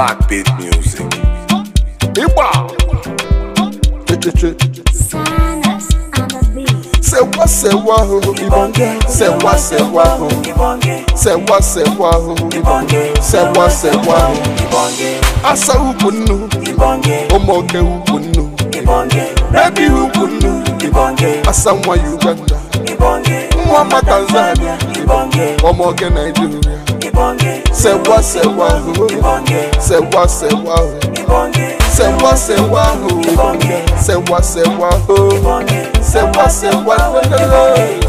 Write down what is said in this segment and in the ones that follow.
Black beat music. Sewa sewa ho ibonge Sewa sewa ho ibonge Sewa sewa ho ibonge Sewa sewa ho ibonge Asa ukunu ibonge Omoge ukunu ibonge Baby ukunu ibonge Asa nwa Uganda ibonge Nwa Tanzania ibonge Omoge Nigeria Ibonge. Sewa sewa ho. Ibonge. Sewa sewa ho. Ibonge. Sewa sewa ho. Ibonge. Sewa sewa ho. Ibonge. Sewa sewa ho.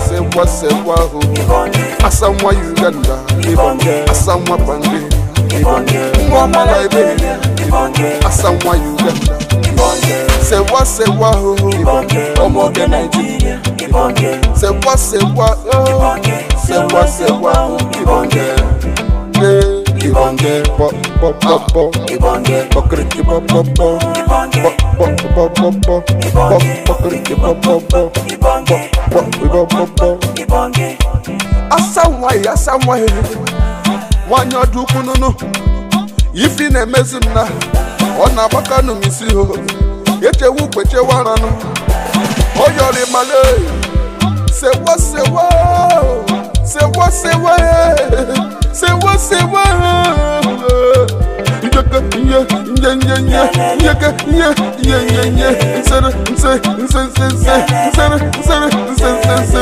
Sewa sewa ho. Ibonge. Asamwa Uganda. Ibonge. Asamwa Bangui. Ibonge. Mwama Liberia. Ibonge. Asamwa Uganda. Ibonge. Ibonge. Ibonge, pop ọdụ ukwu nụnụ ifi na-emezi m na ọ na-agbakanụ m isi ho echewu kpechewaranụ ọ yọrọ ịmalị sewa sewa sewo sewo sewo sewo njeke nye nye nye nye njeke nye nye nye nye nsere nse nse nse nse nsere nsere nse nse nse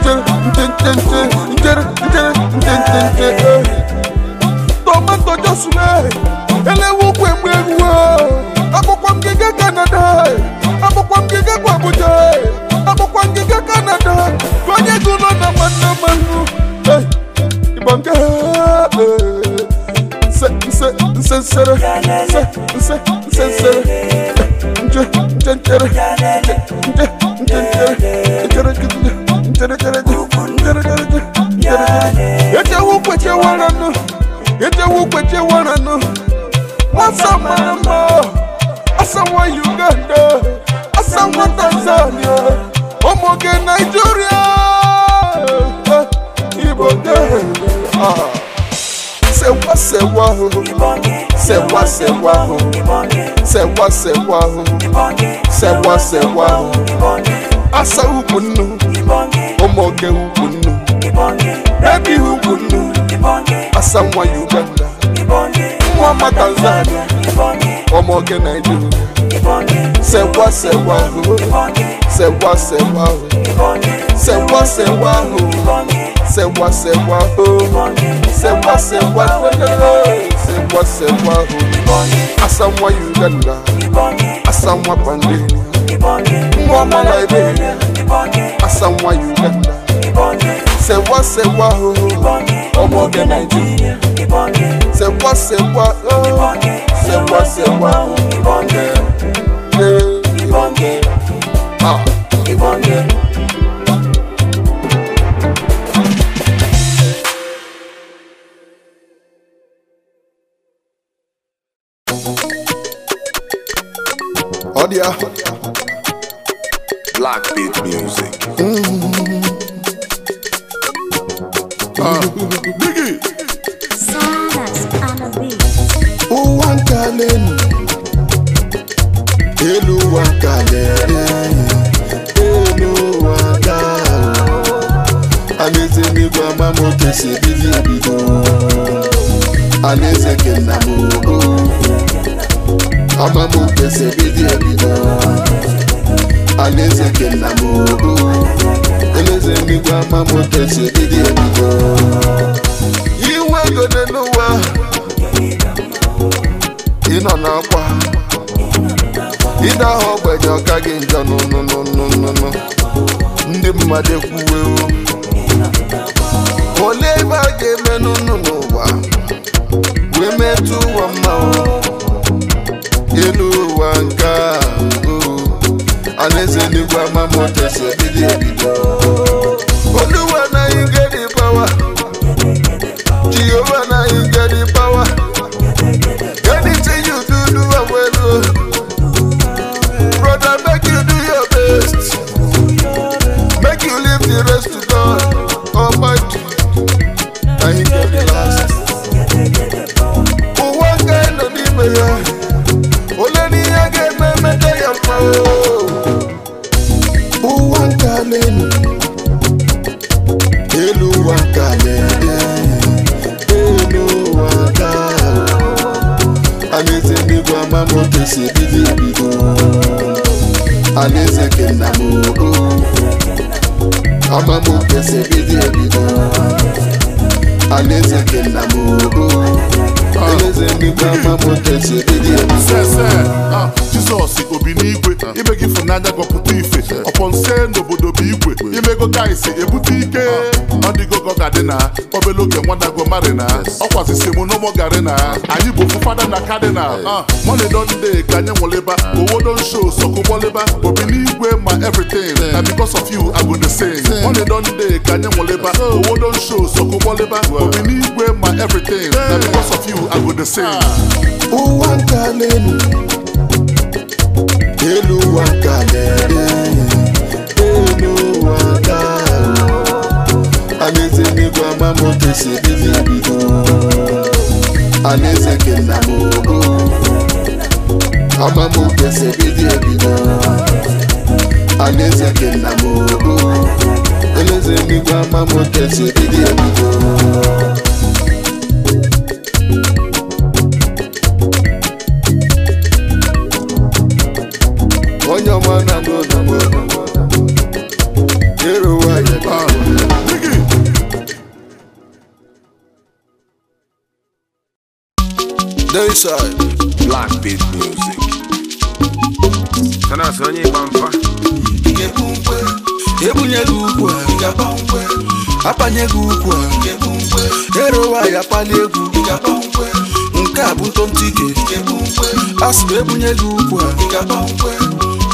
nchere nchere nche nche nche nchere nchere nche nche nche tomato josume. nsensere nse nse nsensere nje nje njere nje nje njere njere njere njere njere njere njere njere njere ete wu kwete wara nu ete wu kwete wara nu wasa mara ma asa wa uganda asa wa tanzania ọmọge nigeria ibo de ah sewa sewa ho sewa sewa ho sewa sewa ho sewa sewa ho asa ugwu nnu omoge ugwu nnu bebi ugwu nnu asa nwa uganda nwa ọma tanzania ọmọge naijiria sewa sewa ho sẹ̀wá sẹ̀wá o sẹ̀wá sẹ̀wá o sẹ̀wá sẹ̀wá o sẹ̀wá sẹ̀wá o sẹ̀wá sẹ̀wá o asanwa Uganda asanwa Tanzania nwa Liberia asanwa Uganda sẹ̀wá sẹ̀wá o ọmọge Nàìjíríà sẹ̀wá sẹ̀wá o sẹ̀wá sẹ̀wá o. Yeah ìbọn ni ẹ. Audio. Black beat music. mm Biggie. Silence on a beat. Who want to learn? Elu wa alaeze ndị gwa ama m otu si ebido ebido alaeze kenna m ama m otu si ebido ebido alaeze kenna m alaeze ndị gwa ama m otu si ebido ebido iwe gode n'ụwa ịnọ n'akwa ịda ahụ ọ ọka gị njọ n'ụnụnụnụnụ ndị mmadụ ekwuwe olebe a ga-eme n'unu n'ụwa wee metụ ụwa mma elu ụwa nke oh. alaeze n'igwe ama motesi bido e ebido yeah. Abraham protects the idiot. Sir, sir, ah, Jesus, Obi n'anya gị ọpụta ife ọpọ nse n'obodo bụ igwe imego gaisi ebute ike ọ dịgo na obele oge nwadago marina ọkwasisi m n'ụmụ garina anyị bụ fada na kadinal monedonde ka anyị nweleba owodo nsho sokụgbọleba obi n'igwe ma everything na because of you I go dey sing monedonde ka anyị nweleba owodo nsho sokụgbọleba obi n'igwe ma everything na because of you I go sing ah. ụwa nta n'elu Eluwa kalere Eluwa kalere Aneze ni kwa mamo kese bibi bido Aneze kena mogo Amamo kese bibi bido Aneze kena mogo Aneze ni kwa mamo kese bibi bido side black beat music onye ịgba mfa ebunye gị ukwu apanye gị ukwu erowa ya egwu nke a bụ ntontu ike a sị ebunye gị ukwu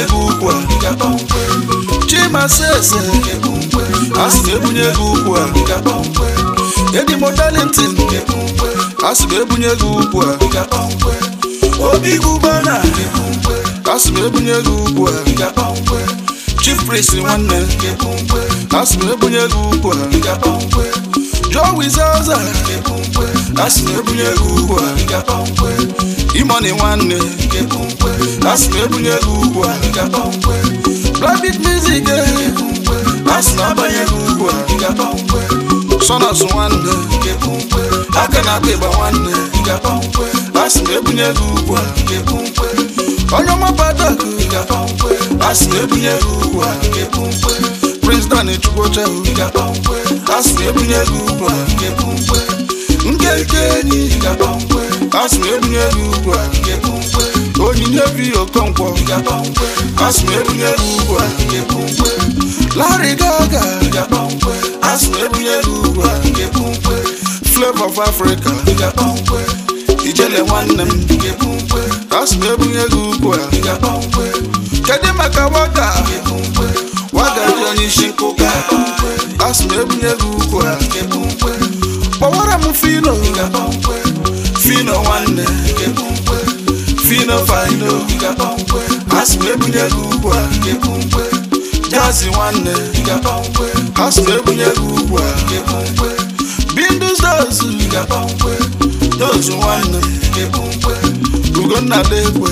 ebunye gị ukwu chimasese na ebunye gị ukwu edi modalintin na ebunye gị ukwu obi gubana na ebunye gị ukwu chief prince nwanne asị ebunye gị ukwu Jowize oza, ikepompe, lasne bunye kukwa, igapompe Imane wanne, ikepompe, lasne bunye kukwa, igapompe Blabit mizike, ikepompe, lasna banyen kukwa, igapompe Son aswande, ikepompe, akena teba wanne, igapompe Lasne bunye kukwa, igapompe Onyomo pata, ikepompe, lasne bunye kukwa, igapompe Satan echukwuche uga Asị na-ebunye gị ugwu nkenke enyi Asị na-ebunye gị ugwu onyinye bi okonkwo Asị na-ebunye gị ugwu Larry Gaga Asị na-ebunye gị ugwu Flavor of Africa ijele nwanne m asị na-ebunye gị ugwu kedu maka wọta onye isi nkụka a sị na ebunye gị ukwu a fino fino nwanne fino fino a sị na jazi wanne, a sị na ebunye gị ukwu a bindus dozu dozu nwanne ugonna dekwe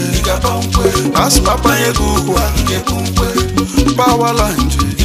a sị m akpanye gị ukwu a bawala nje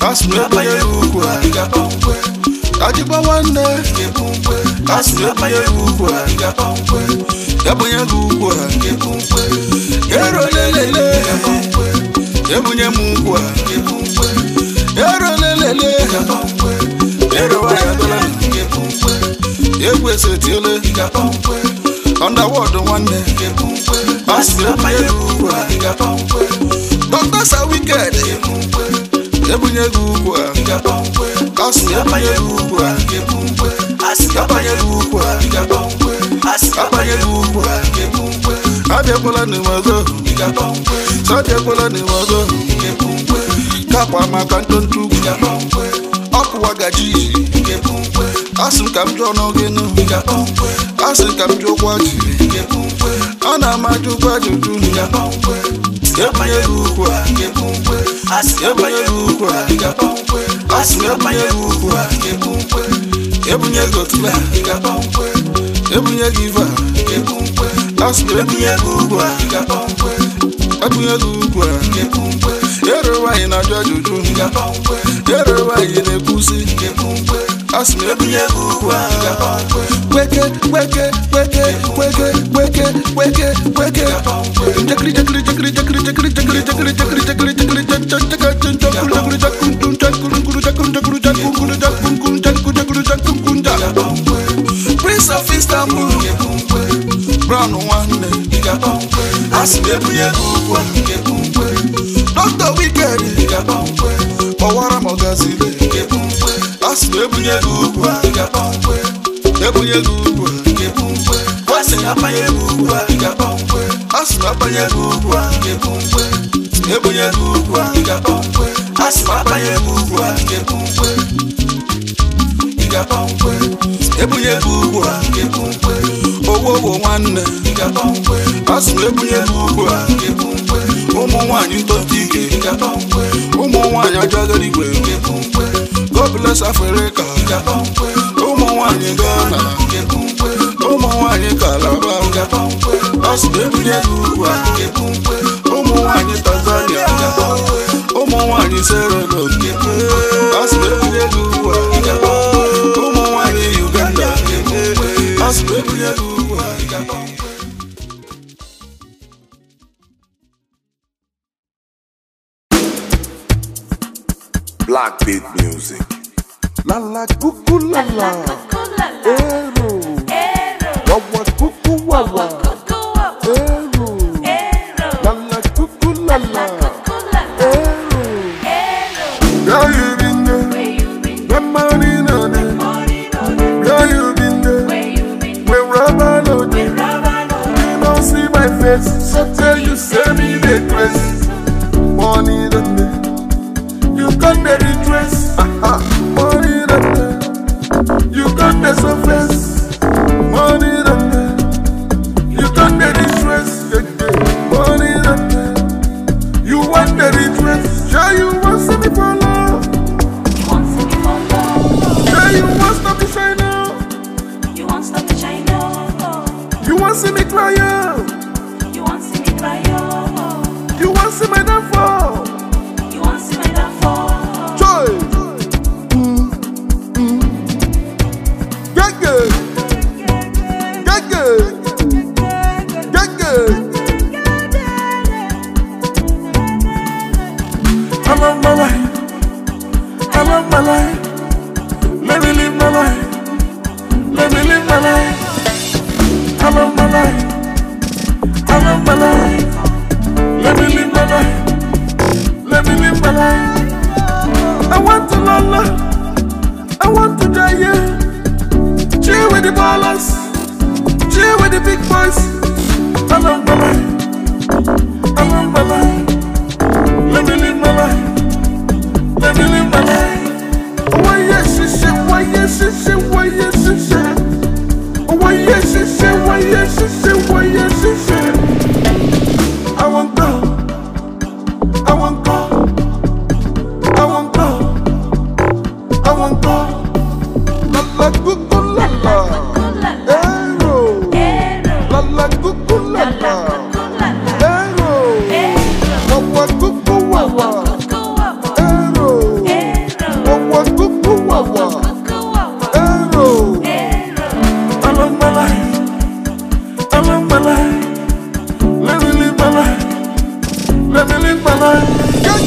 kasụrụ ebe ya ewu ukwu a ị ga-akpa nkwe kajikwa nwanne ị ga-ebu nkwe kasụrụ ebe ya ewu ukwu a ị ga-akpa nkwe ebunye gị ukwu a ga-ebu nkwe ero lelele ga-akpa nkwe ebunye m ukwu a ga-ebu nkwe ero lelele ga-akpa nkwe ero waya dola ga-ebu nkwe egwu esetiele ga-akpa nkwe ọndawọdụ nwanne ga-ebu nkwe kasụrụ ebe ya ewu ukwu a ị ga-akpa nkwe dọkịta sa wiked ebunye gị ukwu a asị ebunye gị ukwu a gị a abịakwala n'ime ọzọ abịakwala n'ime ọzọ maka ntontu ugwu ọ gaji asị ka m jụọ n'oge nụ asị ka m jụọ ụkwụ a na-ama ajụ ga-abanyere ugwu a asị ga-abanyere ugwu a asị ga-abanyere ugwu a ebunye gị otu a ebunye gị ive a asị ebunye gị ugwu a ebunye gị ugwu a ere nwaanyị na-ajụ ajụjụ ere nwaanyị na-ekwusi ọsùn egwuregwu ugbu a kweke kweke kweke kweke kweke kweke kweke jekiri jekiri jekiri jekiri jekiri jekiri jekiri jekiri jekiri jekiri jekiri jekiri jekiri jekiri jekiri Prince of Istanbul Brown nwanne asị egwuregwu ugbu a Dr. Wicked kpọwara magazin ọ sị na ebunye gị ugwu ị ga-akpọ nkwe ebunye gị ugwu ị ga-ebu nkwe ọ sị na akpanye gị ugwu ị ga-akpọ nkwe ọ sị na akpanye gị ugwu ị ga-ebu nkwe ebunye gị ugwu ị ga-akpọ nkwe ọ na akpanye gị ugwu ị ga-ebu nkwe ị ga-akpọ nkwe ebunye gị ugwu ị ga-ebu nkwe owo owo nwanne ị ga-akpọ nkwe ọ na ebunye gị ugwu ị ga-ebu nkwe ụmụ nwaanyị ntọta ike ụmụ nwaanyị ajọ agara ị ga-ebu nkwe God bless Africa. Ụmụ nwanyị Ghana. Ụmụ nwanyị Calabar. Asibebide Uwa. Ụmụ nwanyị Tanzania. Ụmụ nwanyị Sierra Leone. Asibebide Uwa. Ụmụ nwanyị Uganda. Asibebide Uwa. black beat music. La la cuckoo la la. Wawa cuckoo wawa. Eru. Eru. La la cuckoo la la. Eru. Eru. Girl you been Where you been? The morning on it. Girl you been there. Where you been? Where rubber load. Where rubber load. You don't see my face, so tell you send me the Money don't it. You got the redress. Money that You got the surface. Money that You got the redress. Money that You want the redress. Yeah, you want something for love. Sure, you want something China. You want something China. You want to see me crying. I want to lala, I want to die, here. Chill with the ballers, chill with the big boys. I am my I Let me live my life, let me live my life. Why oh, yes, she why oh, yes, she why oh, yes, she why yes, she why yes, she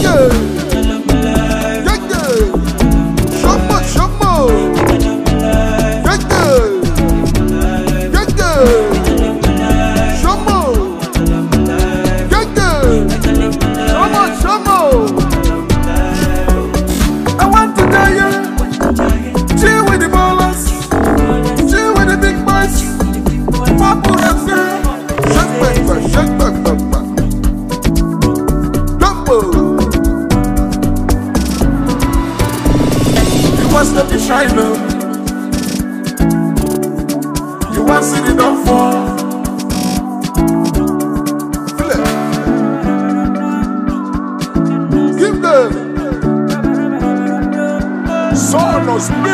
Yeah. try now. You want see the don't fall. Feel Give them. Son of spirit.